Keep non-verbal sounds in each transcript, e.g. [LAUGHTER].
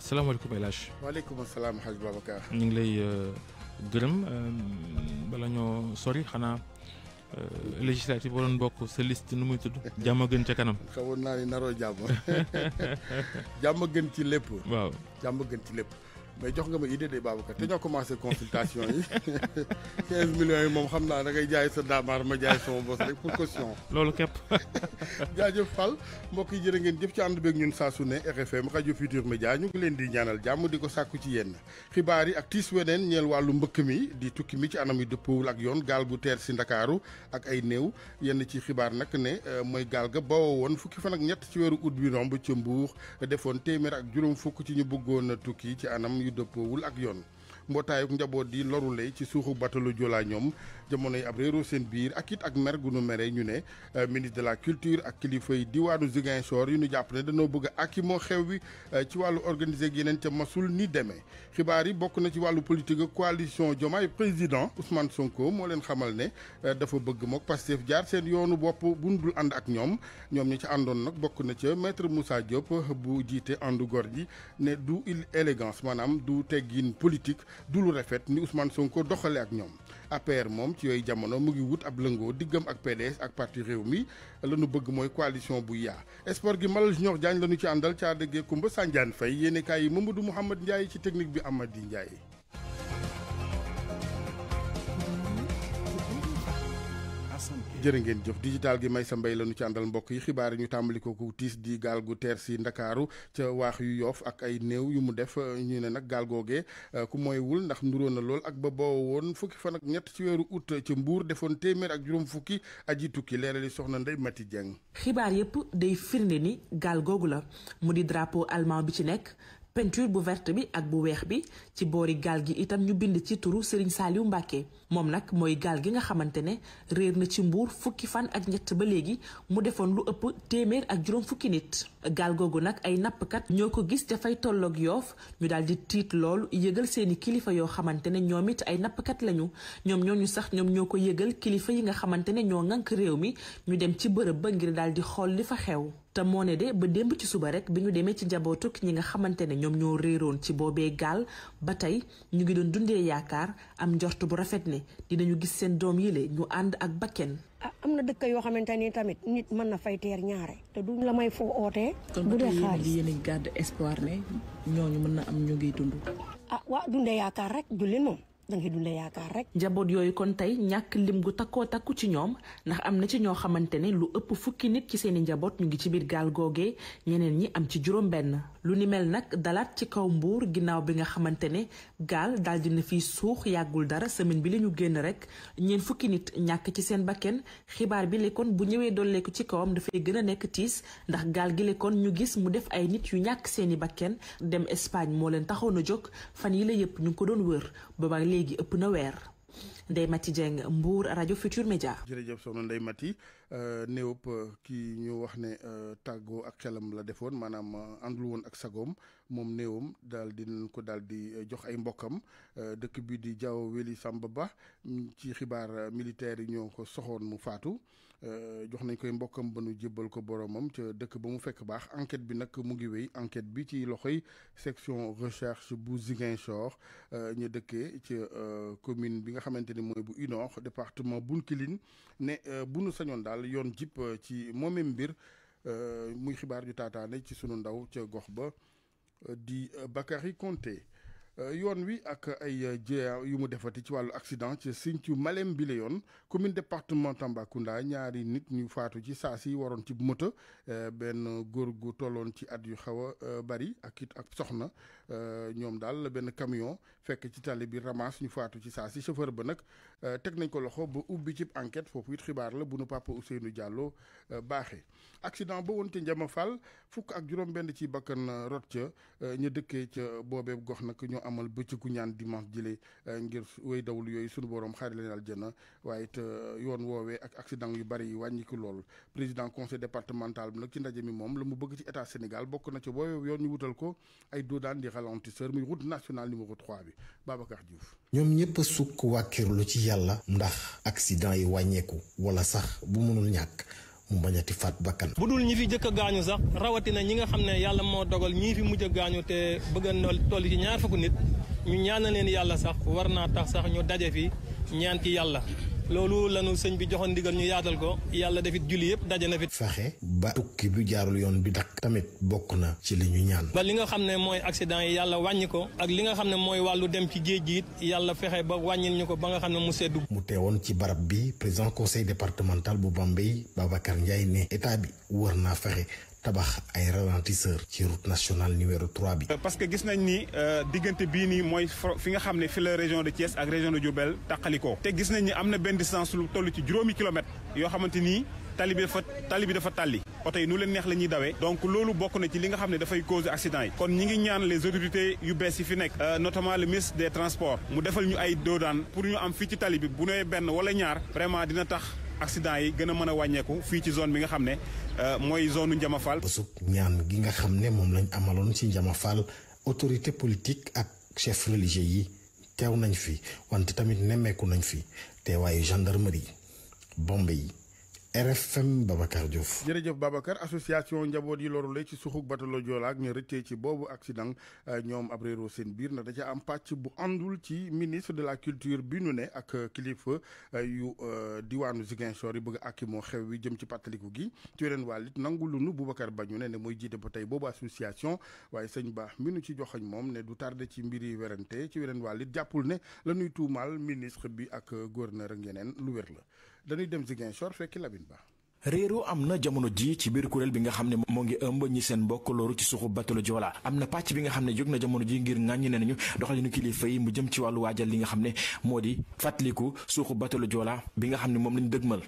asalaamaaleykum El Hadj. waaleykum salaam Hadj Babacar. ñu ngi lay euh, gërëm euh, bala ñoo sori xanaa euh, législative waroon bokk sa liste nu muy tudd. [LAUGHS] jàmm gën ca kanam. xawoon naa ni naroo jàmm [LAUGHS] jàmm gën ci lépp. waaw jàmm gën ci lépp. mais jox nga ma idée de Babacar te ñoo commencé consultation yi 15 [LAUGHS] yi moom xam naa da ngay jaay sa daamaar ma jaay sama bos rek pour caution. loolu képp. [LAUGHS] jaajëf Fall mbokk yi jërë ngeen jëf ci ànd beeg ñun saa su ne RFM rajo Futur Média ñu ngi leen di ñaanal jàmm di ko sàkku ci yenn xibaar yi ak tiis weneen ñeel wàllu mbëkk mi di tukki mi ci anam yi dëppawul ak yoon gaal bu teer si Ndakaaru ak ay néew yenn ci xibaar nag ne euh, mooy gaal ga bawoo woon fukki fan ak ñett ci weeru ut bi romb ci Mbuur defoon téeméer ak juróom fukk ci ñu bëggoon tukki ci anam yu dëppoowul ak yoon mbootaayu njaboot yi lorule ci suuxu batalu Joola ñoom jamono jamonoy ab réeroo seen biir ak it ak mer gu nu mere ñu ne euh, ministre de la culture ak kilifa yi diwaanu Ziguinchor yu ñu jàpp ne dañoo bëgg ak i moo xew wi euh, ci wàllu organiser ak yeneen ca masul ni demee xibaar yi bokk na ci wàllu politique coalition Diomaye président Ousmane Sonko moo leen xamal ne euh, dafa bëgg mook Pastef jaar seen yoonu bopp buñ dul ànd ak ñoom ñoom ñi ci àndoon nag bokk na ca maître musa Diop bu jiite àndu gor ji ne du il élégance maanaam du teggin politique du lu rafet ni Ousmane Sonko doxale ak ñoom APR moom ci yooyu jamono mu ngi wut ab lëngoo diggam ak PDS ak parti réew mi la ñu bëgg mooy coalition bu yaa sport gi Malal Junior Diagne la ñu ci àndal caa déggee Kumba Sandiane Faye yéene kaay yi Mamadou Mouhamed Ndiaye ci technique bi Amady Ndiaye. jërë ngeen jëf digital gi may sa mbéy la ñu ci àndal mbokk yi xibaar yi ñu tàmbali ko ku tiis di gaal gu teer si ndakaaru ca waax yu yoof ak ay néew yu mu def ñu ne nag gaal googee ku moywul ndax nduróo na lool ak ba boo woon fukki fan ak ñett ci weeru août ci mbuur defoon téeméer ak juróom fukki aji tukki leerali soxna Ndey Mati Dieng xibaar yépp day firnde ni gaal googu la mu di drapeau allemand bi ci nekk peinture bu verte bi ak bu weex bi ci boori gaal gi itam ñu bind ci turu Serigne Saliou Mbacké moom nag mooy gaal gi nga xamante ne réer na ci mbuur fukki fan ak ñett ba léegi mu defoon lu ëpp téeméer ak juróom fukki nit gaal googu nag ay nappkat ñoo ko gis dafay tolloog yoof ñu daal di tiit loolu yëgal seeni kilifa yoo xamante ne ñoom it ay nappkat lañu ñoom ñoo ñu sax ñoom ñoo ko yëgal kilifa yi nga xamante ne ñoo ŋànk réew mi ñu dem ci bërëb ba daal di xool li fa xew te moo ne de ba démb ci suba rek bi ñu demee ci njabootuk ñi nga xamante ne ñoom ñoo réeroon ci boobee gaal ba tey ñu ngi doon dundee yaakaar am njort bu rafet ne dinañu gis seen doom yi le ñu ànd ak bakken ah am na dëkk yoo xamante ni tamit nit mën na fay teer ñaare te du la may foo ootee bu dee xaalis yéen a ngi garde espoir ne mën na am ñu ngi dund ah waa dundee yaakaar rek jullit moom da ngay dundee rek. njaboot yooyu kon tey ñàkk lim gu takkoo takku ci ñoom ndax am na ci ñoo xamante ne lu ëpp fukki nit ci seen i njaboot ñu ngi ci biir gaal googee ñeneen ñi am ci juróom-benn. lu ni mel nag dalaat ci kaw mbuur ginnaaw bi nga xamante ne gaal daal dina fiy suux yàggul dara semaine bi la ñu génn rek ñeen fukki nit ñàkk ci seen bakken xibaar bi lekkoon bu ñëwee doon dolleeku ci kawam dafay gën a nekk tiis ndax gaal gi lekkoon ñu gis mu def ay nit yu ñàkk seeni bakken dem Espagne moo leen taxoon a jóg fan yi la yëpp ñu ngi ko doon wër léegi ëpp na weer Ndeye Mathi Dieng Mbour rajo Futur Média. jërëjëf soxna Ndeye Mathi euh, néewub euh, kii ñu wax ne euh, tàggoo ak xelam la defoon maanaam àndul woon ak sagoom moom néewam daal di ko daal di jox ay mbokkam dëkk bi di Diao Weli Samba Ba ci xibaar militaire yi ñoo ko soxoon mu faatu. Euh, jox nañ koy mbokkam ba nu jébbal ko boromam ca dëkk ba mu fekk baax enquête bi nag mu ngi wéy enquête bi ci loxoy section recherche bu Ziguinchor euh, ñu dëkkee ci euh, commune bi nga xamante ni mooy bu Unor département kilin ne bu nu sañoon daal yoon jip ci moomee mbir muy xibaar ju taataane ci sunu ndaw ca gox ba di Bakary Konté Euh, yoon wi ak ay euh, jéeya euh, yu mu defati ci wàllu accident ci Sinthiou Malem bi la yoon commune département Tambacounda ñaari nit ñu faatu ci saa si waroon ci moto benn góor gu tolloon ci at yu xaw a bari ak it ak soxna Euh, ñoom daal benn camion fekk ci tali bi ramas ñu faatu ci saa si chauffeur ba nag euh, teg nañ ko loxo ba ubbi cib enquête foofu it xibaar la bu nu papa nu Diallo euh, baaxee. accident ba woon ca Njama Fall fukk ak juróom-benn ci bakkan rot ca ñu dëkkee ca boobee gox nag ñoo amal bëccëgu ñaan dimanche jëlee ngir way dawul yooyu sunu borom xaari leen aljana waaye it yoon woowee ak accident yu bari yi wàññiku lool président conseil départemental bi nag ci ndaje mi moom la mu bëgg ci état Sénégal bokk na ca booy yoon ñu wutal ko ralentisseur muy route nationale numéro 3 bi Babacar Diouf. ñoom ñëpp a sukk lu ci yàlla. ndax accident yi wàññeeku wala sax bu mënul ñàkk. mu bañati faat bakkan. bu dul ñi fi jëkk a gaañu sax rawatina ñi nga xam ne yàlla moo dogal ñii fi mujj a gaañu te bëgg a toll ci ñaar fukki nit ñu ñaanal leen yàlla sax war naa tax sax ñu daje fi ñaan ci yàlla. loolu lanu sëñ bi joxoon ndigal ñu yaatal ko yàlla defit julli yëpp daja na fi. fexe ba tukki bi jaarul yoon bi dakk tamit bokk na ci li ñu ñaan. ba li nga xam ne mooy accident yi yàlla wàññi ko ak li nga xam ne mooy wàllu dem ci géej gi yàlla fexe ba wàññil ñu ko ba nga xam ne mu seddu. mu teewoon ci barab bi président conseil départemental bu Bambey Babacar Ndiaye ne état bi wër naa fexe. tabax ay ralentisseur ci route nationale numéro 3 bi. parce que gis nañ ni euh, diggante bii nii mooy fi nga xam ne fi la région de Thiès ak région de Diourbel taqalikoo te gis nañ ni am na benn distance lu toll ci juróomi kilomètre yoo xamante ni tali bi dafa tali bi dafa tàlli. oto yi nu leen neex la ñuy dawee donc loolu bokk na ci li nga xam ne dafay cause accident yi kon ñi ngi ñaan les autorités yu bees yi fi nekk euh, notamment le ministre des transports mu defal ñu ay doodaan pour ñu am fii ci tali bu nee benn wala ñaar vraiment dina tax accident yi gën a mën a wàññeeku fii ci zone bi nga xam ne euh, mooy zone Ndiama Fall. bésub ñaan gi nga xam ne moom lañ amaloon ci Ndiama Fall autorité politique ak chef religieux yi teew nañ fi wante tamit nemmeeku nañ fi teewaayu gendarmerie bombe yi. RFM Babacar Diouf. jërëjëf Babacar association njaboot yi loru lorule ci suxuk batalo Joola ak ñu rëccee ci boobu accident euh, ñoom ab seen biir na da ca am pàcc bu àndul ci ministre de la culture bi nu ne ak kilifa euh, yu euh, diwaanu Ziguinchor yi bëgg ak moo xew wi jëm ci pàttaliku gi ci weneen wàll it nangu lu nu Boubacar ba ñu ne ne mooy jiite ba tey boobu association waaye sañ baax mi nu ci joxoñ moom ne du tarde ci mbir yi werante ci weneen wàll it jàppul ne la ñuy tuumaal ministre bi ak gouverneur ak yeneen lu wér la. danuy dem Ziguinchor fekki Lamine Ba réeroo am na jamono ji ci biir kuréel bi nga xam ne moo ngi ëmb ñi seen mbokk loolu ci suuxu bateau Joola am na pàcc bi nga xam ne jóg na jamono ji ngir ŋàññi ne nañu doxalinu kilifa yi mu jëm ci wàllu waajal li nga xam ne moom di fàttaliku suuxu bateau Joola bi nga moom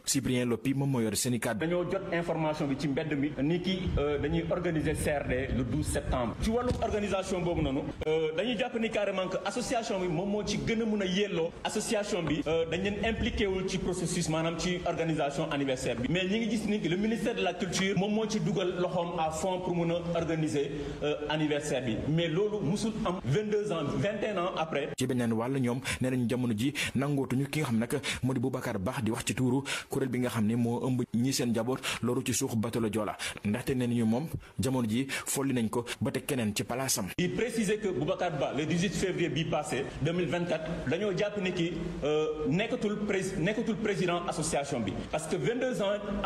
Cyprien Lopi moom moo yor seen i kàddu dañoo jot information bi ci mbedd mi ni ki euh, dañuy organiser CRD le septembre ci wàllu organisation boobu noonu euh, dañuy jàpp ni carrément que association bi moom moo ci gën a mun a yelloo association bi euh, dañ leen impliqué wul ci processus maanaam ci organisation anniversaire bi dañuy gis ni le ministère de la culture moom moo ci dugal loxoom à fond pour mun a organiser euh, anniversaire bi mais loolu musul am 22 ans 21 ans après. ci beneen wàll ñoom nee nañu jamono ji ñu ki nga xam nag moo di Boubacar Bax di wax ci tuuru kuréel bi nga xam ni moo ëmb ñi seen njaboot loolu ci suux bato la Joola ndaxte nee nañu moom jamono ji folli nañ ko ba teg keneen ci palaasam. di préciser que Boubacar Ba le 18 février bi passé dañoo jàpp ne euh, nekkatul prés nekkatul président association bi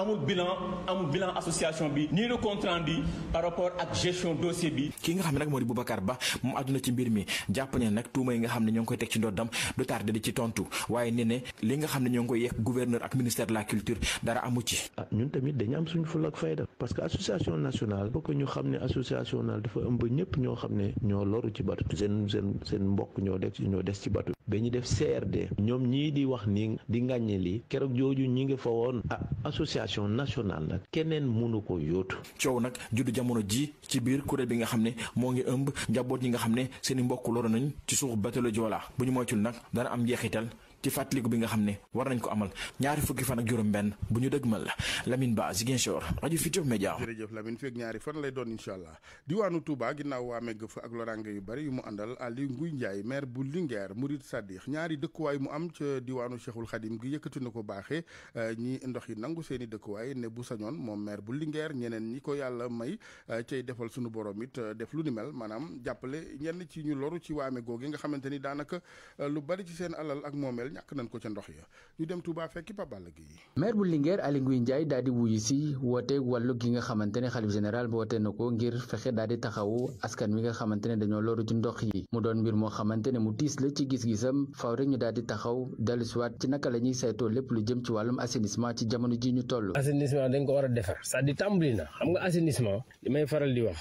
amul bilan association bi nii le compte rendu par rapport ak gestion dossier bi. ki nga xam ne nag moo di Boubacar Ba moom àdduna ci mbir mi jàpp ne nag tuuma yi nga xam ne ñoo koy teg ci ndoddam du tardé di ci tontu waaye nee ne li nga xam ne ñoo ngi koy yegg gouverneur ak ministère de la culture dara amu ci. ah ñun tamit dañu am suñu fula ak fayda parce que association nationale boo ko ñu xam ne association nationale dafa ëmb ñëpp ñoo xam ne ñoo loru ci batu seen seen ñoo des ñoo des ci batu ba ñu def CRD ñoom di wax ni di ngàññe lii keroog jooju ñi nga fa woon ah association éducation nationale nag keneen mënu ko yóotu. coow nag juddu jamono ji ci biir kuréel bi nga xam ne moo ngi ëmb njaboot yi nga xam ne seeni i mbokk loru nañ ci suuf batalo Joola bu ñu moytul nag dana am njeexital ci fàttaliku bi nga xam ne war nañ ko amal ñaari fukki fan ak juróom-benn bu ñu dëgmal Lamine Ba Ziguinchor rajo Futurs Médias. jërëjëf Lamine feeg ñaari fan lay doon incha allah diwaanu Touba ginnaaw waa Mégg fa ak loraange yu bari yu mu àndal Aliou Nguy Ndiaye maire bu Linguère Mouride Sadikh ñaari dëkkuwaay mu am ca diwaanu Cheikhul Khadim gi yëkkati na ko baaxee euh, ñi ndox yi nangu seen i dëkkuwaay ne bu sañoon moom maire bu Linguère ñeneen ñi ko yàlla may euh, cay defal sunu borom it euh, def lu ni mel maanaam jàppale ñenn ci ñu loru ci waame googi nga xamante ni daanaka lu bari ci seen alal ak moomeel Diourbel ñàkk nañ ko ca ndox ya ñu dem Touba fekki Pape Balla Gueye. maire bu Linguère Aly Ngouille Ndiaye daal wuyu si woote wàllu gi nga xamante xalif général woote na ko ngir fexe daal taxawu askan wi nga xamante ne dañoo loru ci ndox yi mu doon mbir moo xamante ne mu tiis la ci gis-gisam faaw ñu daal di taxaw dellusiwaat ci naka la ñuy saytoo lépp lu jëm ci wàllum assainissement ci jamono ji ñu toll. assainissement dañ ko war a defar c'est-à-dire tàmbali na xam nga assainissement li may faral di wax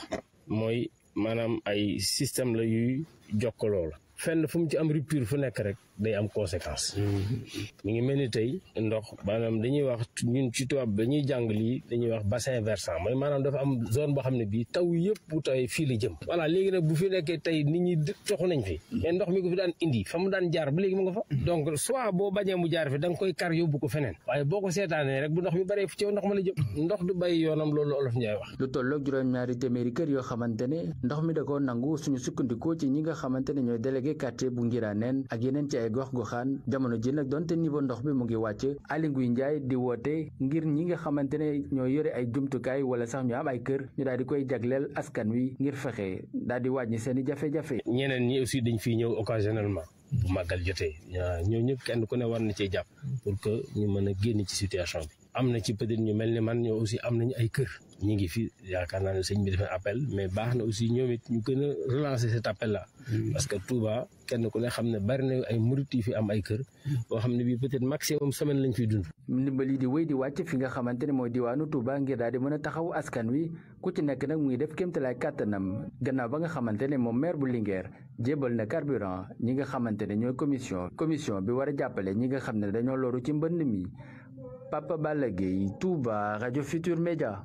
mooy maanaam ay système la yuy jokkaloo la day am conséquence. Mm. mi ngi mel ni tey ndox maanaam dañuy wax ñun ci tubaab dañuy jàng lii dañuy wax bassin versant mooy maanaam dafa am zone boo xam ne bii taw yëpp bu tawee fii la jëm. voilà léegi nag bu fi nekkee tey nit ñi toxu nañ fi. mais ndox mi ko fi daan indi fa mu daan jaar ba léegi mu nga fa. Mm. donc soit boo bañee mu jaar fi da nga koy kar yóbbu ko feneen. waaye boo ko seetaanee rek bu ndox mi baree fu ci ndox ma la jëm. Mm. ndox du bàyyi yoonam loolu olof Njaay wax. lu tolloog juróom-ñaari téeméeri kër yoo xamante ne ndox mi da koo nangu suñu sukkandikoo ci ñi nga xamante ne ñooy délégué bu Ngiraneen ak yeneen ci ay ay eh, gox goxaan jamono ji nag donte niveau ndox bi mu ngi wàcc Aly Ngouille Ndiaye di woote ngir ñi nga xamante ne ñoo yore ay jumtukaay wala sax ñu am ay kër ñu daal di koy jagleel askan wi ngir fexe daal di wàññi seen i jafe-jafe. ñeneen ñi aussi dañ fiy ñëw ma occasionnellement. bu màggal jotee ñoo ñëpp kenn ku ne war na cee jàpp. pour que ñu mën a génn ci situation am na ci peut-être ñu mel ni man ñoo aussi am nañu ay kër ñu ngi fi yaakaar naa ne sëñ bi defee appel mais baax na aussi ñoom it ñu gën a relancer cet appel là. Mm. parce que Touba kenn ku ne xam ne bari na ay murit yi fi am ay kër. Mm. boo xam ne bii peut-être maximum semaine lañ fiy dund. ndimbali di wéy di wàcc fi nga xamante ne mooy diwaanu Touba ngir daal di mën a taxaw askan wi ku ci nekk nag mu ngi def kéemtalaay kàttanam gannaaw ba nga xamante ne moom maire bu Linguère jébal na carburant ñi nga xamante ne ñooy commission commission bi war a jàppale ñi nga xam ne dañoo loru ci mbënd mi. Papa Balla Gueye Touba Radio Futur Média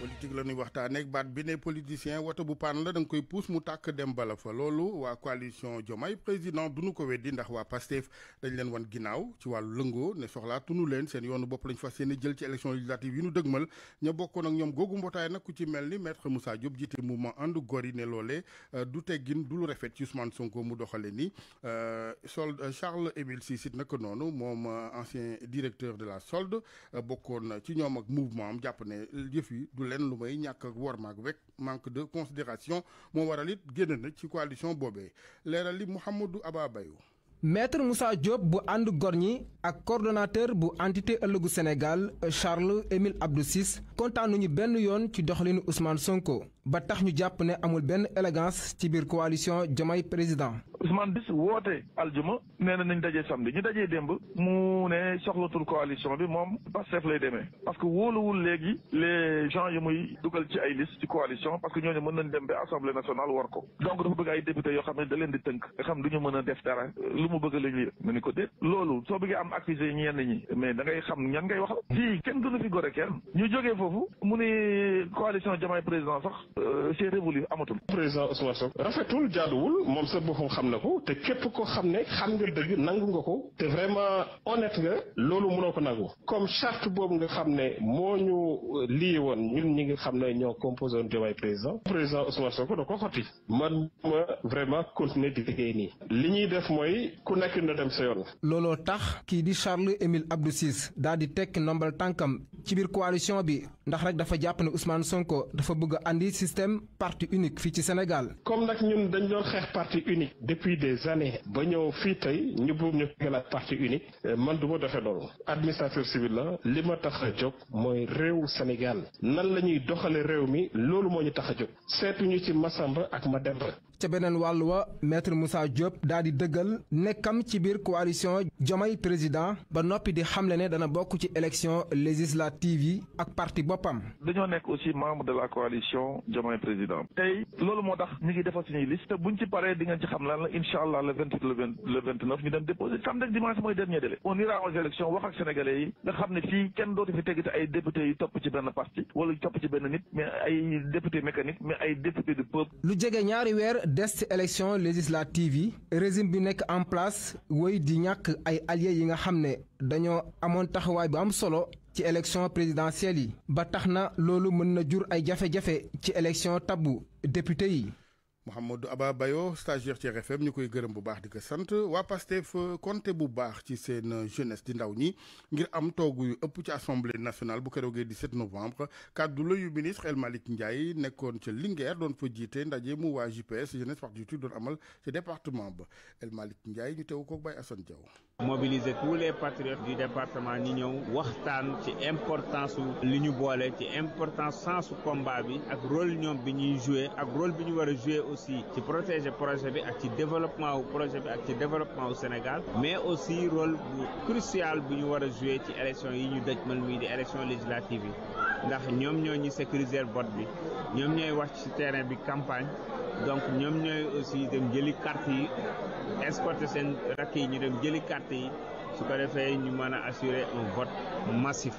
politique la waxtaan waxtaanee baat bi ne politicien woto bu paan la da nga koy puus mu tàkk dem bala fa loolu waa coalition Diomaye président du nu ko weddi ndax waa PASTEF dañ leen wan ginnaaw ci wàllu lëngoo ne soxlaa tunu leen seen yoonu bopp lañ fas yéene jël ci élection législative yi nu dëgmal ña bokkoon ak ñoom googu mbootaay nag ku ci mel ni maître Moussa Diop jiite mouvement ànd gor yi ne loolee euh, du teggin du lu rafet ci Ousmane Sonko mu doxale ni euh, solde euh, Charles Émile Cissé nag noonu moom ancien directeur de la solde bokkoon ci ñoom ak mouvement am jàpp ne yëf yi leen lu may ñàkk ak wormaag wek manque de considération moo waral it génn na ci coalition boobee leeral li Mouhamadou Aba Bayou maître Moussa Diop bu ànd gor ñi ak coordonnateur bu entité ëllëgu Sénégal Charles Émile Abdou Ciss kontaan ñu benn yoon ci doxalinu Ousmane Sonko. ba tax ñu jàpp ne amul benn élégance ci biir coalition Diomaye président. Ousmane Bis woote aljuma nee na nañ dajee samedi ñu dajee demb mu ne soxlatul coalition bi moom Pastef lay demee parce que wóoluwul léegi le gens yu muy dugal ci ay liste ci coalition parce que ñooñu mën nañ dem ba assemblée nationale war ko donc dafa bëgg ay député yoo xam ne da leen di tënk nga xam du ñu mën a def dara lu mu bëgg lañu yëg ma loolu soo bëggee am accusé ñenn ñi mais da ngay xam ñan ngay wax fii kenn gënu fi gore kenn ñu jógee foofu mu ne coalition Diomaye président sax c'est euh, révolu amatul. président Ousmane Sonko rafetul jaaduwul moom sa boppam xam na ko te képp ko xam ne xam nga dëgg nangu nga ko te vraiment honnête nga loolu mënoo ko nangu comme charte boobu nga xam ne moo ñu euh, lii woon ñu ñi ngi xam ne ñoo composé woon Diomaye président président Ousmane Sonko da ko xotti man ma vraiment continuer di liggéey nii li ñuy def mooy ku nekk na dem sa yoon. looloo tax kii di Charles Émile Abdou Ciss daal di tekk ndombal tànkam ci biir coalition bi. ndax rek dafa jàpp ne Ousmane Sonko dafa bëgg indi andi système parti unique fii ci Sénégal. comme nag ñun dañu doon xeex parti unique. depuis des années. ba ñëw fii tey ñu buub ñu tegalaat parti unique. Eh, man du ma doxee loolu. administrateur civil la li ma tax a jóg mooy réew Sénégal nan la ñuy doxalee réew mi loolu moo ñu tax a jóg seetuñu ci Massamba ak ma rek ca beneen wàll wa maître musa Diop daal di dëggal nekkam ci biir coalition Jomay président ba noppi di xamle ne dana bokk ci élection législative yi ak parti boppam. dañoo nekk aussi membre de la coalition Jomay président. tey loolu moo tax ñu ngi defal suñuy liste buñ ci paree di ngeen ci xam lan la incha allah le vingt le le ñu dem déposé samedi dimanche mooy dernier délai. on ira aux élections wax ak sénégalais yi nga xam ne fii kenn dootu fi tegati ay députés yu topp ci benn benn nit mais ay député mécanique mais ay député du peuple. lu jege ñaari weer des ci élection législative yi régime bi nekk en place woy di ñàkk ay alliés yi nga xam ne dañoo amoon taxawaay bu am solo ci élection présidentielle yi ba tax na loolu mën na jur ay jafe-jafe ci élection tabbu député yi Mouhamadou Aba Bayo stagiaire ci RFM ñu koy gërëm bu baax di ko sant waa Pastef compté bu baax ci seen jeunesse di ndaw ñi ngir am toog yu ëpp ci assemblée nationale bu keroogee 17 novembre kàddu la yu ministre El Malick Ndiaye nekkoon ca Linguère doon fa jiite ndaje mu waa JPS jeunesse Parti du Sud doon amal ca département ba El Malick Ndiaye ñu teew ko Baye Assane Diaw mobiliser tous les patriotes du département ni ñëw waxtaan ci importance li ñu boole ci importance sensu combat bi ak rôle ñoom bi ñuy joué ak rôle bi ñu war a joué aussi ci protéger projet bi ak ci développement wu projet bi ak ci développement Sénégal mais aussi rôle bu crucial bu ñu war a joué ci élection yi ñu dëj mal muy di élection législative yi ndax ñoom ñoo ñu sécuriser vote bi ñoom ñooy wax ci terrain bi campagne donc ñoom ñooy aussi dem jëli carte yi escorter seen rakk yi ñu dem jëli carte yi su ko defee ñu mën a assurer un vote massif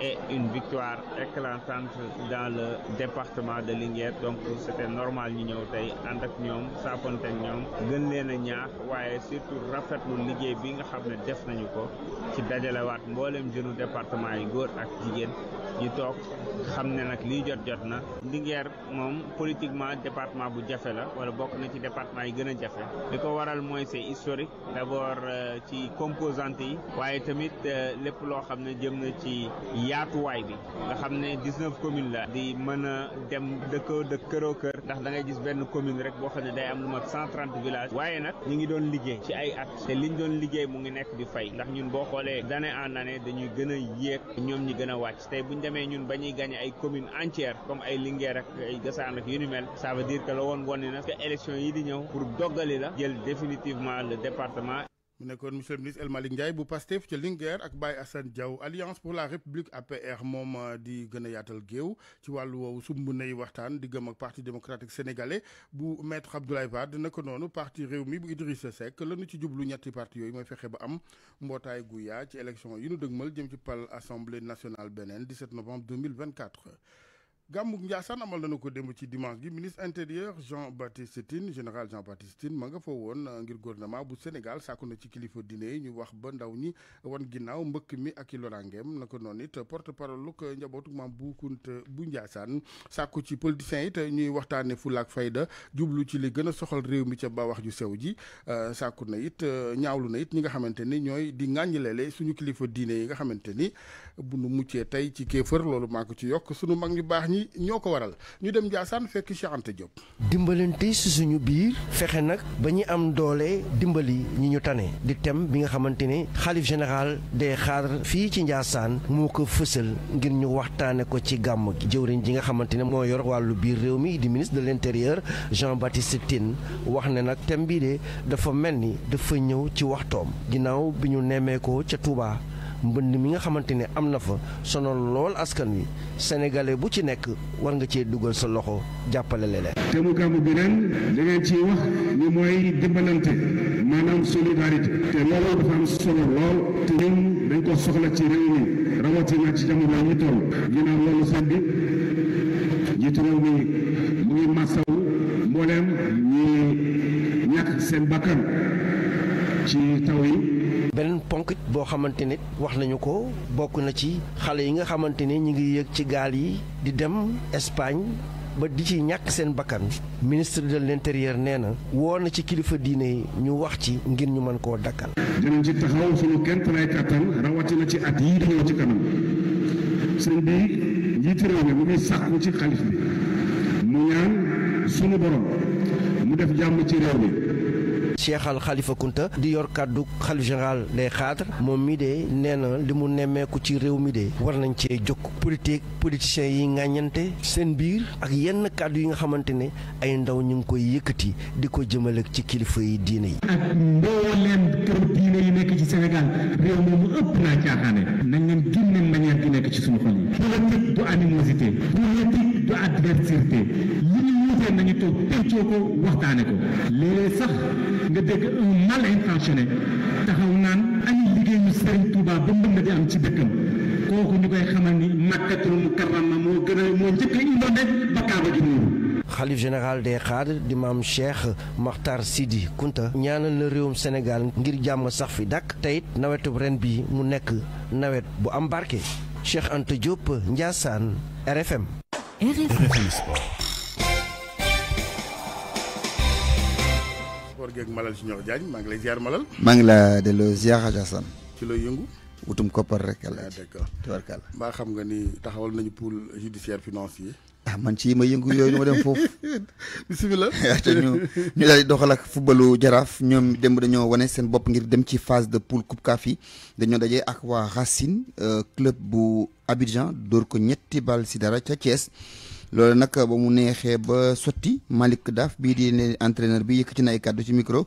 et une victoire éclatante dans le département de Linguère donc c'était normal ñu ñëw tey ànd ak ñoom saafonte ak ñoom gën leen a ñaax waaye surtout rafetlu liggéey bi nga xam ne def nañu ko ci dajalewaat mbooleem jeune département yi góor ak jigéen ñu toog xam ne nag lii jot jot na Linguère moom politiquement département bu jafe la wala bokk na ci département yi gën jafe li ko waral mooy historique d'abord euh, ci composante yi waaye tamit euh, lépp loo xam ne jëm na ci yaatuwaay bi nga xam ne 19 commune la di mën a dem dëkkoo dëkk këroo kër ndax da ngay gis benn commune rek boo xam ne day am lu mat 130 villages waaye nag ñu ngi doon liggéey ci ay at te liñ doon liggéey mu ngi nekk di fay ndax ñun boo xoolee d'année en année dañuy gën a yéeg ñoom ñi gën a wàcc tey buñ demee ñun ba ñuy gagné ay commune entières comme ay Linguère ak ay Gassane ak yu ni mel ça veut dire que la woon woon na que élection yi di ñëw pour doggali la jël département mu nekkoon monsieur le ministre El Malick Ndiaye bu Pastef ca Linguère ak Baye Assane Diaw alliance pour la république APR moom euh, di gën a yaatal géew ci wàllu woowu sumb nay waxtaan di gëm ak parti démocratique sénégalais bu maître Abdoulaye Wade naka noonu parti réew mi bu Idrissa Seck lanu ci jublu ñetti parti yooyu mooy fexe ba am mbootaay gu yaa ci election yi nu dëgmal jëm ci pal assemblée nationale beneen 17 novembre 2024. gàmmu Ndiassane amal nañu ko démb ci dimanche gi ministre intérieur Jean-Baptiste Tine général Jean-Baptiste Tine ma nga fa woon ngir gouvernement bu Sénégal sàkku na ci kilifa dine yi ñu wax ba ndaw ñi wan ginnaaw mbëkk mi ak i loraangeem naka noonu it porte parole luk njabootu maam bu kunta bu Ndiassane sàkku ci politiciens it ñuy waxtaane fulaak fayda jublu ci li gën a soxal réew mi ca ba wax ju sew ji euh, sàkku na it euh, ñaawlu na it ñi nga xamante ni ñooy di ŋàññilele suñu kilifa diine yi nga xamante ni bu nu muccee tey ci kéefër loolu maa ci yokk suñu mag ñu baax ñi ñoo ko waral ñu dem Ndiassane fekk Cheikh Anta Diop. dimbalante si suñu biir fexe nag ba ñu am doole dimbali ñi ñu tane di thème bi nga xamante ne xalif général des cadres fii ci Ndiassane moo ko fësal ngir ñu waxtaane ko ci gàmm gi jëwriñ ji nga xamante ne moo yor wàllu biir réew mi di ministre de l'intérieur Jean-Baptiste Tine wax ne nag thème bii de dafa mel ni dafa ñëw ci waxtoom ginnaaw bi ñu nemmee ko ca Touba. mbënd mi nga xamante ne am na fa sonal lool askan wi sénégalais bu ci nekk war nga cee dugal sa loxo jàppale leen. te mu gàmmu bi ren li ngeen ciy wax ni mooy dimbalante maanaam solidarité te loolu dafa am solo lool te ñun dañ ko soxla ci réew mi rawatina ci jamono yi ñu toll loolu sëñ bi njiitu réew mi mu ngi masawu mbooleem ñi ñàkk seen bakkan ci taw yi. beneen ponk boo xamante ne wax nañu ko bokk na ci xale yi nga xamante ni ñu ngi yéeg ci gaal yi di dem Espagne ba di ci ñàkk seen bakkan ministre de l'intérieur nee na woo na ci kilifa diine yi ñu wax ci ngir ñu mën koo dakkal. dinañ ci taxaw suñu kéem tolluwaay kattan rawatina ci at yii di ñëw ci kanam sëñ bi njiiti réew mi mu ngi sàkku ci xalif bi mu ñaan sunu borom mu def jàmm ci réew mi. Cheikh Al Khalifa Kunta di yor kàddu xalif général des cadres moom mi de nee na li mu nemmeeku ci réew mi de war nañ ci cee jóg politique politiciens yi ŋàññante seen biir ak yenn kàddu yi nga xamante ne ay ndaw ñu ngi koy yëkkati di ko jëmale ci kilifa yi diine yi. ak mbooleem kër diine yi nekk ci Sénégal réew mi ëpp naa caaxaane nañ leen génne manière nekk ci suñu xol yi. politique du animosité. nekk nañu toog pencoo ko waxtaane ko léeg-léeg sax nga dégg un mal intentionné taxaw naan ani liggéeyu Serigne Touba ba mbënd di am ci dëkkam kooku ñu koy xamal ni makkatul mukarrama moo gën moo njëkk a indoone ba xalif général des Khadres di maam Cheikh Makhtar Sidi Kunta ñaanal na réewum Sénégal ngir jàmm sax fi dàkk teyit nawetub ren bi mu nekk nawet bu am barke Cheikh Anta Diop RFM koor geeg Malal si ñor Diagne maa ngi lay ziar la delloo ziar Assane. ci looy yëngu. wutum koppar rek. allah ah, d'accord tubarkalla mbaa nga ni taxawal nañu pool judiciaire financier. ah man ci ma yëngu yooyu nu ma dem foofu. [LAUGHS] bisimilah [LAUGHS] te ñu ñu doxal ak footballu jaraaf ñoom dem dañoo wane seen bopp ngir dem ci phase de poule coupe CAF yi dañoo daje ak waa Racine euh, club bu Abidjan door ko ñetti bal si dara ca Thiès. loolu nag ba mu neexee ba sotti Malick Daaf bii di ne entraîneur bi yëkkati na ay kàddu ci micro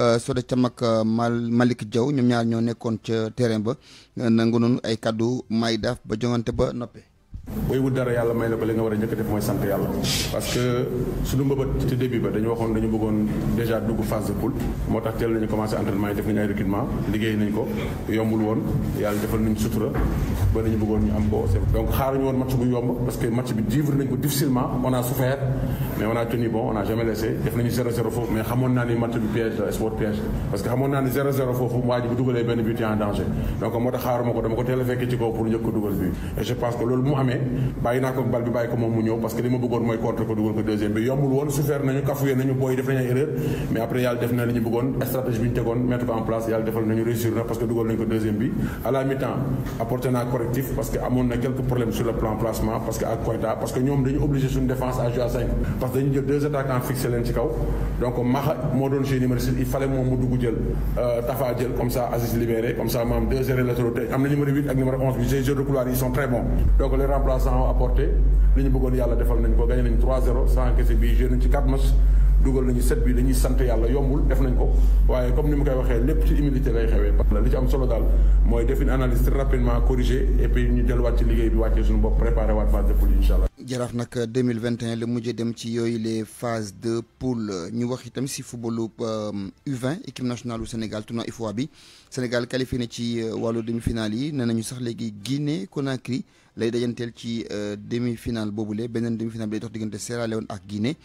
euh, Soda Thiam ak euh, Mal Malick jaw ñoom ñaar ñoo nekkoon ca terrain ba euh, nangu noonu ay kàddu may Daaf ba jongante ba noppe booy wut dara yàlla may la ko nga war a njëkk def mooy sant yàlla parce que suñu mbëbët ci début ba dañu waxoon dañu bëggoon déjà dugg phase de poule moo tax teel nañu bëggoon ñu am ko donc xaaruñu woon match bu yomb parce que match bi vivre nañ ko difficilement on a mais on a bon on jamais laissé def nañu 0-0 foofu mais xamoon naa ni match bi piège sport piège parce que xamoon naa ni 0-0 foofu waa ji bu ne bàyyi naa ko bal bi bàyyi ko moom mu ñëw parce que li ma bëggoon mooy contre ko dugal ko deuxième bi yombul woon souffert nañu kafuye nañu booy def nañu ay erreur mais après yàlla def na li ñu bëggoon stratégie bi ñu tegoon mettre ko en place yàlla defal nañu réussir na parce que dugal nañu ko deuxième bi à la mi-temps apporté naa correctif parce que amoon na quelques problèmes sur le plan placement parce que ak Koyta parce que ñoom dañu obligé suñu défense à jouer à 5 parce que dañu jël deux attaquants fixé leen ci kaw donc Maxa moo doon jouer numéro 6 il fallait moom mu dugg jël euh, Tafa jël comme ça Aziz libéré comme ça maam deux erreurs latéraux am na numéro 8 ak numéro 11 bi jeu de couloir ils sont très bons donc les Brassens ont apporté li ñu bëggoon yàlla defal nañ ko gagné nañ 3-0 sans encaisser bii joué ci 4 matchs dugal nañu 7 bi dañuy sant yàlla yombul def nañ ko waaye comme ni ma koy waxee lépp ci humilité lay xewee. li ci am solo daal mooy def analyse rapidement corrigée et puis ñu delluwaat ci liggéey bi wàccee suñu bopp préparé waat phase de poule allah. jaraaf nag 2021 la mujjee dem ci yooyu les phases de poule ñu wax itam si footballu U20 euh, équipe nationale bu Sénégal tournoi UFOA bi Sénégal qualifié na ci euh, wàllu demi-finale yi nee nañu sax léegi Guinée Conakry lay dajanteel ci euh, demi-finale boobule beneen demi-finale bi lay dox diggante Sierra Leone ak Guinée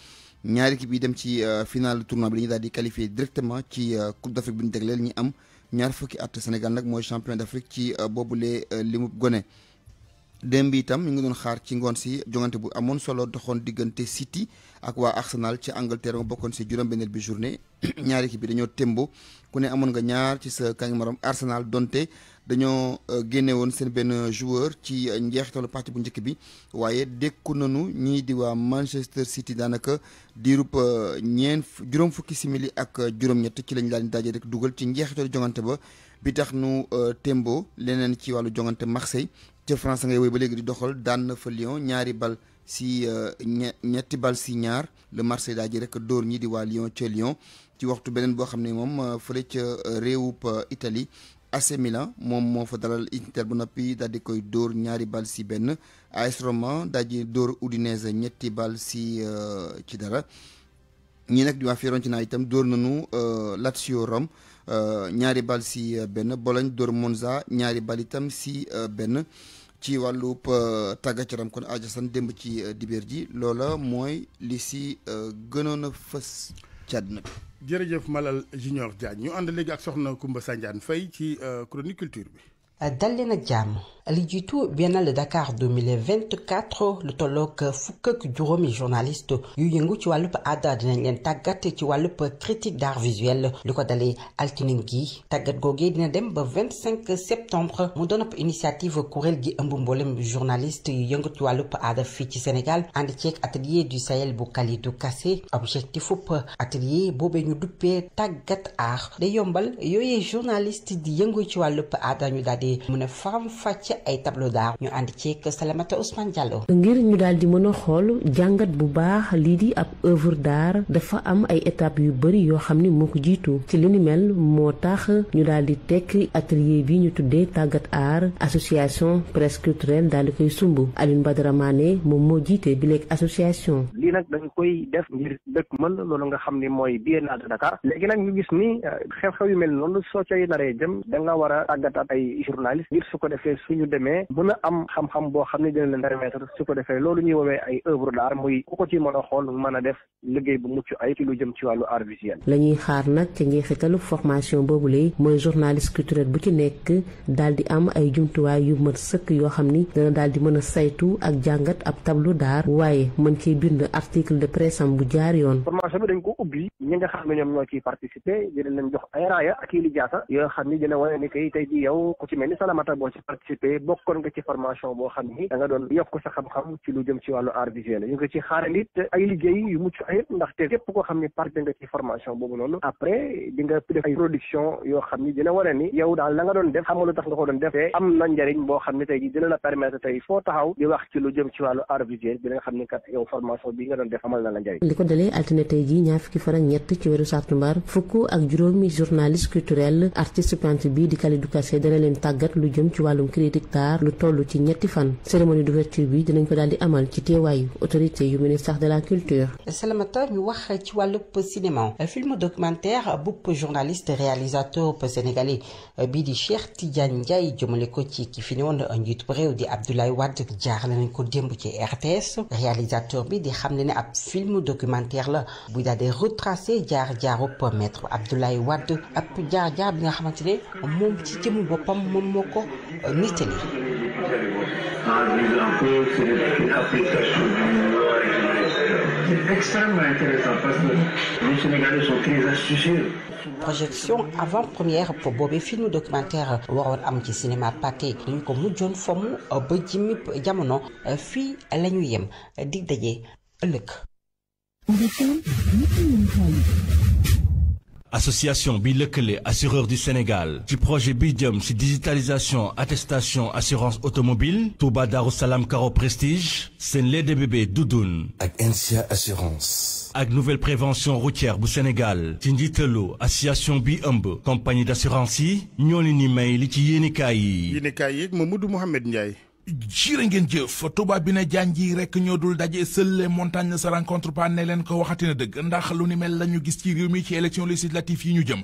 ñaar équipe yi dem ci finale tournoi bi dañuy daal di qualifié directement ci Coupe d'Afrique bi ñu tegleel ñi am ñaar fukki at Sénégal nag mooy champion d'Afrique ci boobule limub gone. démb itam ñu ngi doon xaar ci ngoon si jongante bu amoon solo doxoon diggante City ak waa Arsenal ci Angleterre ma bokkoon si juróom-benneel bi journée [CLEARS THROAT] ñaari ki bi dañoo témbo ku ne amoon nga ñaar ci sa kangi morom Arsenal donte dañoo euh, génne woon seen benn joueur ci euh, njeexitalu partie bu njëkk bi waaye dékku nañu ñii di waa Manchester City daanaka diirub euh, ñeen juróom fukki simili ak juróom-ñett ci lañ daal di daje rek dugal ci njeexitalu jongante ba bi tax nu euh, Tembo leneen ci wàllu jongante Marseille ca France ngay woy ba léegi di doxal daan na fa Lyon ñaari bal si euh, ñetti bal si ñaar le Marseille daa ji rek dóor ñii di waa Lyon ca Lyon ci waxtu beneen boo xam ne moom euh, fële ca réewub itali AC moom moo fa dalal Inter bu noppi daal di koy dóor ñaari bal si benn AS Roma daa ji dóor Udinese ñetti bal si ci dara ñi nag di waa Fiorentina itam dóor nañu Lazio Rome Euh, ñaari bal si euh, benn Bologne dóor Monza ñaari bal itam si euh, benn ci wàllu tàggat yaram kon ajasan démb ci dibeer ji loola mooy li si gënoon a fës ci àdduna bi. jërëjëf Malal Junior Diagne ñu ànd léegi ak soxna Kumba Sandiane Faye ci chronique culture bi. dal leen li jiitu biennale Dakar 2024 lu tolloog fukk ak juróomi journaliste yu yëngu ci wàllub aada dinañ leen tàggat ci wàllub critique d'art visuel lu ko dalee altine gi tàggat googee dina dem ba 25 septembre mu doon ab initiative kuréel gi ëmb mboolem journaliste yu yëngu ci wàllub aada fii ci Sénégal ànd ceeg atelier du Sahel bu Kalidou Kassé objectif ub atelier boobee ñu duppee tàggat art day yombal yooyee journaliste di yëngu ci wàllub aada ñu daal ay tableau d'art ñu ànd ci ngir ñu daal di mën a xool jàngat bu baax lii di ab œuvre d'art dafa am ay étapes yu bëri yoo xam ni moo ko jiitu ci li ni mel moo tax ñu daal di tekk atelier bi ñu tuddee tàggat art association presque culturelle daal di koy sumb Alioune Badara Mané moom moo jiite bi léegi association. lii nag dañ koy def ngir dëkk mën loolu nga xam ni mooy biennale de Dakar léegi nag ñu gis ni euh, xew-xew yu mel noonu soo cay naree jëm da nga war a ay journaliste ngir su ko defee demee mën a am xam-xam boo xam ne dina leen permettre su ko defee loolu ñuy woowee ay œuvre d'art muy ku ko ci mën a xool mën a def liggéey bu mucc ay ci lu jëm ci wàllu art visuel. la ñuy xaar nag ci njeexitalu formation boobu lay mooy journaliste culturel bu ci nekk daal di am ay jumtuwaay yu mën sëkk yoo xam ni dana daal di mën a saytu ak jàngat ab tableau d'art waaye mën cee bind article de presse am bu jaar yoon. formation bi dañ ko ubbi ñi nga xam ne ñoom ñoo ciy participer dina leen jox ay raaya ak i lijaasa yoo xam ni dina wane ni kay tey jii yow ku ci mel ni Salamata boo ci participer bokkoon nga ci formation boo xam ni da nga doon yokk sa xam-xam ci lu jëm ci wàllu art visuel ñu ngi ci xaaral it ay liggéey yu mucc ayib ndaxte képp koo xam ni xam ni dina wane nga doon def xam nga lu tax nga ko doon def te am na njëriñ boo ci lu jëm ci wàllu art visuel bi nga xam ni bi nga doon def amal na fukki fan ñett ci weeru sàttumbar fukk ak juróomi journaliste culturel artiste peintre bi di Kalidou hectares lu toll ci ñetti fan cérémonie d'ouverture bi dinañ ko daal di amal ci teewaayu autorité yu ministère de la culture. salamata ñu wax ci wàllub film documentaire bu journaliste réalisateur sénégalais bii di Cheikh Tidiane Ndiaye jëmale ko ci ki fi ne woon njiitu réew di Abdoulaye nañ ko démb ci bi di xam ne ne ab film documentaire la buy daal di retracé jaar jaarub maître Abdoulaye Wade ab jaar jaar bi nga xamante ne moom ci jëmu boppam moom moo ko nittali en disant que c'est une application du projection avant première pour boobee film documentaire waroon am ci cinéma Pathé ñu ko mujjoon fomm ba jimi jamono fii la yem di daje ëllëg. association bi lëkkale assureur du Sénégal ci projet bi jëm si digitalisation attestation assurance automobile Touba Darou Salam Caro Prestige seen le de bébé Doudoune ak NCA assurance ak nouvelle prévention routière bu Sénégal ci njiitalu association bi ëmb compagnie d'assurance yi ñoo leen ni may li ci yéenekaay yi yéenekaay yi Mamadou Mouhamed Ndiaye jiire ngeen jëf tubaab bi ne jaan yi rek ñoo dul daje seul les montagnes ne se rencontrent ne leen ko waxati na dëgg ndax lu ni mel la ñu gis ci réew mi ci élection législative yi ñu jëm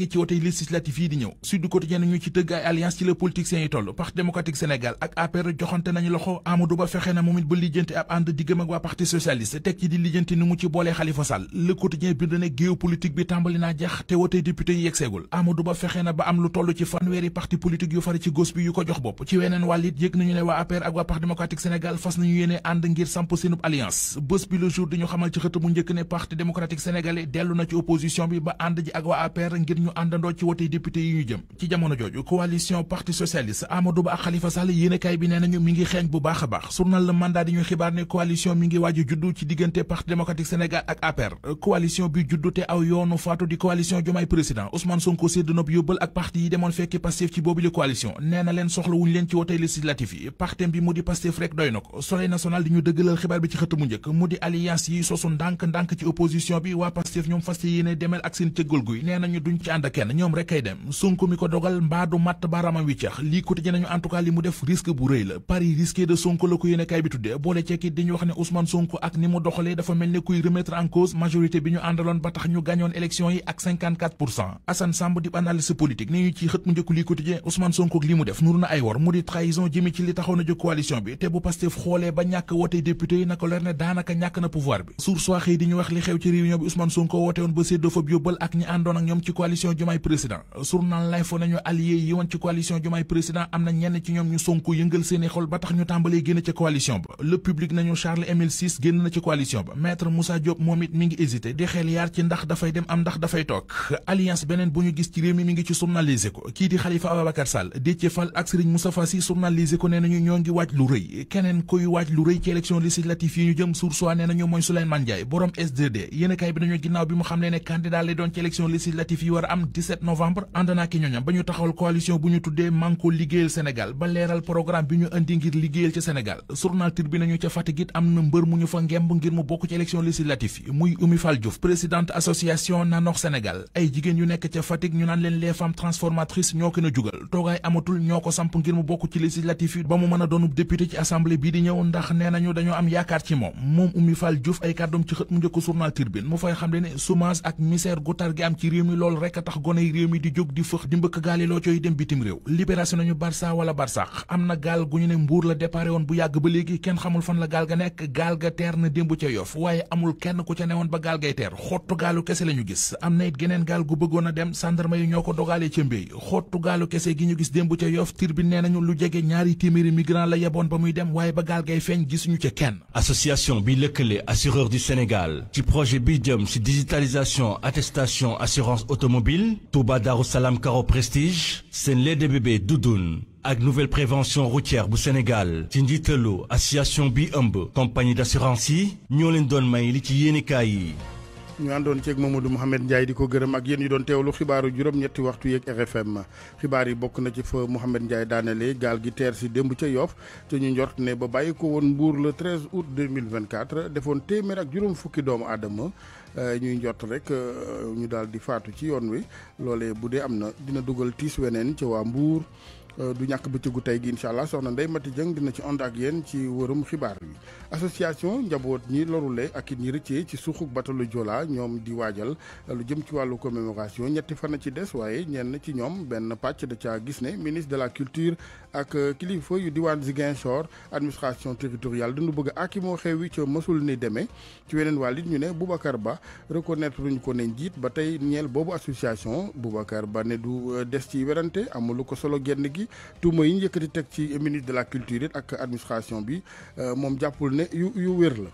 gi ci wote législatif yi ci tëgg ay alliance ci la politiciens yi toll Parti démocratique Sénégal ak APR joxante nañu loxo Amadou Ba fexe na moom ba lijjanti ab ànd diggam ak waa parti socialiste teg ci di lijjanti ni mu ci boolee Khalifa Sall Le Quotidien bind ne géopolitique bi tàmbali naa jax te wote député yi yegseegul Amadou Ba fexe na ba am lu toll ci fanweeri parti politique yu fari ci gos bi yu ko jox bopp ci weneen wàll it nañu ne waa APR àndandoo ci wote député yi ñu jëm ci jamono jooju coalition parti socialiste Amadou Ba ak Khalifa Sall yéenekaay bi nee nañu mi ngi xeeñ bu baax a baax journal Le Mandat di ñu xibaar ne coalition mi ngi waaju juddu ci diggante parti démocratique Sénégal ak APR coalition bi juddu te aw yoonu faatu di coalition Diomaye président Ousmane Sonko sédd nopp yóbbal ak parti yi demoon fekki Pastef ci boobu la coalition nee na leen soxla wuñu leen ci wote législatif yi parti bi mu di Pastef rek doy na ko Soleil national di ñu dëggalal xibaar bi ci xëtt mu njëkk mu di alliance yi sosu ndànk ndànk ci opposition bi waa Pastef ñoom fas yéene demel ak seen cëggal guy nee nañu duñ ci ànd ànd ne ñu ci xët mu njëkku lii quotidien Ousmane Sonko li mu def nuru na ay wor mu di trahison jëmi ci li taxoon a jóg bi te bu Pastef xoolee ba ñàkk wote député na ko leer ne daanaka ñàkk na pouvoir bi sour soixëy di ñu wax li xew ci réunion bi Ousmane Sonko woote ba séddoo fa yóbbal ak ñi àndoon ak ñoom ci coalition coalition président journal L'Info nañu allié yi woon ci coalition Diomaye président am na ñenn ci ñoom ñu Sonko yëngal seeni xol ba tax ñu tàmbalee génn ci coalition ba le public nañu Charles Émile Ciss génn na ci coalition ba maître Moussa Diop moom it mi hésité di xel yaar ci ndax dafay dem am ndax dafay toog alliance beneen bu ñu gis ci réew mi mi ci journalisé ko kii di Khalifa Ababacar Sall Déthié Fall ak Serigne Moustapha Sy journalisé ko nee am 17 novembre ànd naa ki ñoñam ba ñu taxawal coalition bu ñu tuddee Manko liggéeyal Sénégal ba leeral programme bi ñu indi ngir liggéeyal ci Sénégal journal Tribune nañu ca Fatick it am na mbër mu ñu fa ngemb ngir mu bokk ci élection législative yi muy Oumy Fall Diouf présidente association Nanox Sénégal ay jigéen yu nekk ca Fatick ñu naan leen les femmes transformatrices ñoo ko na jugal toogaay amatul ñoo ko samp ngir mu bokk ci législative yi ba mu mën a doonub député ci assemblée bii di ñëw ndax nee nañu dañoo yaakaar ci moom moom Oumy Fall Diouf ay kàddoom ci xët mu njëkk journal Tribune ne chômage ak misère gu am ci réew mi loolu rek rek tax gone yi réew mi di jóg di fëx di mbëkk gaali loo cooy dem bitim réew libération nañu barça wala barsax am na gaal gu ñu ne mbuur la déparé bu yàgg ba léegi kenn xamul fan la gaal ga nekk gaal ga teer na démb ca yof waaye amul kenn ku ca newoon ba gaal gay teer xottu gaalu kese la ñu gis am na it geneen gaal gu bëggoon a dem sandarma yi ñoo ko dogalee ca mbéy xottu gaalu kese gi ñu gis démb ca yof tir bi nee nañu lu jege ñaari téeméeri migrant la yeboon ba muy dem waaye ba gaal gay feeñ gisuñu ca kenn association bi lëkkale assureur du Sénégal ci projet bi jëm ci digitalisation attestation assurance automobile mobile Touba Darou Salam Caro Prestige seen lait de bébé Doudoune ak nouvelle prévention routière bu Sénégal ci njiitalu association bi ëmb compagnie d'assurance yi ñoo leen doon may li ci yéenekaay yi ñu àndoon ceeg Mamadou Mouhamed Ndiaye di ko gërëm ak yéen yu doon teewlu xibaaru juróom-ñetti waxtu yeeg RFM xibaar yi bokk na ci fa Mouhamed Ndiaye daanale gaal gi teer si démb ca Yoff te ñu njort ne ba bàyyi ko woon Mbuur le 13 août 2024 defoon téeméer ak juróom fukki doomu aadama Euh, ñuy njott rek euh, ñu daal di faatu ci yoon wi loole bu dee am na dina dugal tiis weneen ci waa Mbuur euh, du ñàkk bëccëgu tey gi incha allah soxna Ndeye Mati jëng dina ci ànd ak yéen ci wërum xibaar bi association njaboot ñi lorule ak it ñi rëccee ci suuxuk batalu jola ñoom di waajal lu jëm ci wàllu commémoration ñetti fan a ci des waaye ñenn ci ñoom benn pàcc da ca gis ne ministre de la culture ak euh, kilifa yu diwaan Ziguinchor administration territoriale dañu bëgg ak moo xew ca mësul ni demee ci weneen wàll lit ñu ne Boubacar Ba reconnaître luñ ko ne njiit ba tey ñeel boobu association Boubacar Ba ne du euh, des ci werante amulu ko solo genn gi tuuma yi ñu yëkkati teg ci ministre de la culture it ak administration bi euh, moom jàppul ne yu yu wér la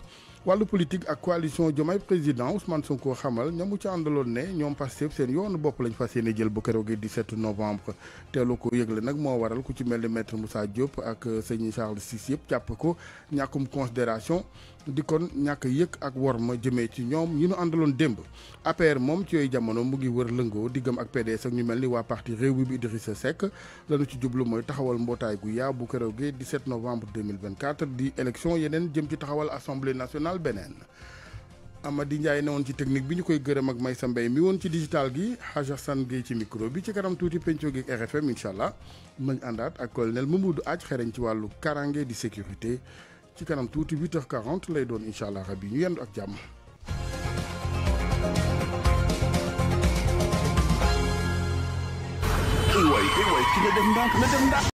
wàllu politique ak coalition Diomaye président Ousmane Sonko xamal ña mu ci àndaloon ne ñoom Pastef seen yoonu bopp lañ fa yéene jël bu keroog 17 novembre teelu ko yëgle nag moo waral ku ci mel ni maître Moussa Diop ak sëñ Charles Ciss yëpp jàpp ko ñàkkum considération di kon ñàkk yëkk ak wor ma jëmee ci ñoom ñi nu àndaloon démb APR moom ci yooyu jamono mu ngi wër lëngoo diggam ak PDS ak ñu mel ni waa parti réew mi bi Idrissa Seck lanu ci jublu mooy taxawal mbootaay gu yaa bu keroog gi 17 novembre 2024 di élection yeneen jëm ci taxawal assemblée nationale beneen Amady Ndiaye ne woon ci technique bi ñu koy gërëm ak sa Mbaye mi woon ci digital gi Hadj Assane Gueye ci micro bi ci kanam tuuti penco gi RFM incha allah àndaat ak colonel Mamadou Aaj xereñ ci wàllu karange di sécurité ci kanam tuuti 8 lay doon incha allah rabi ñu yendu ak jàmm.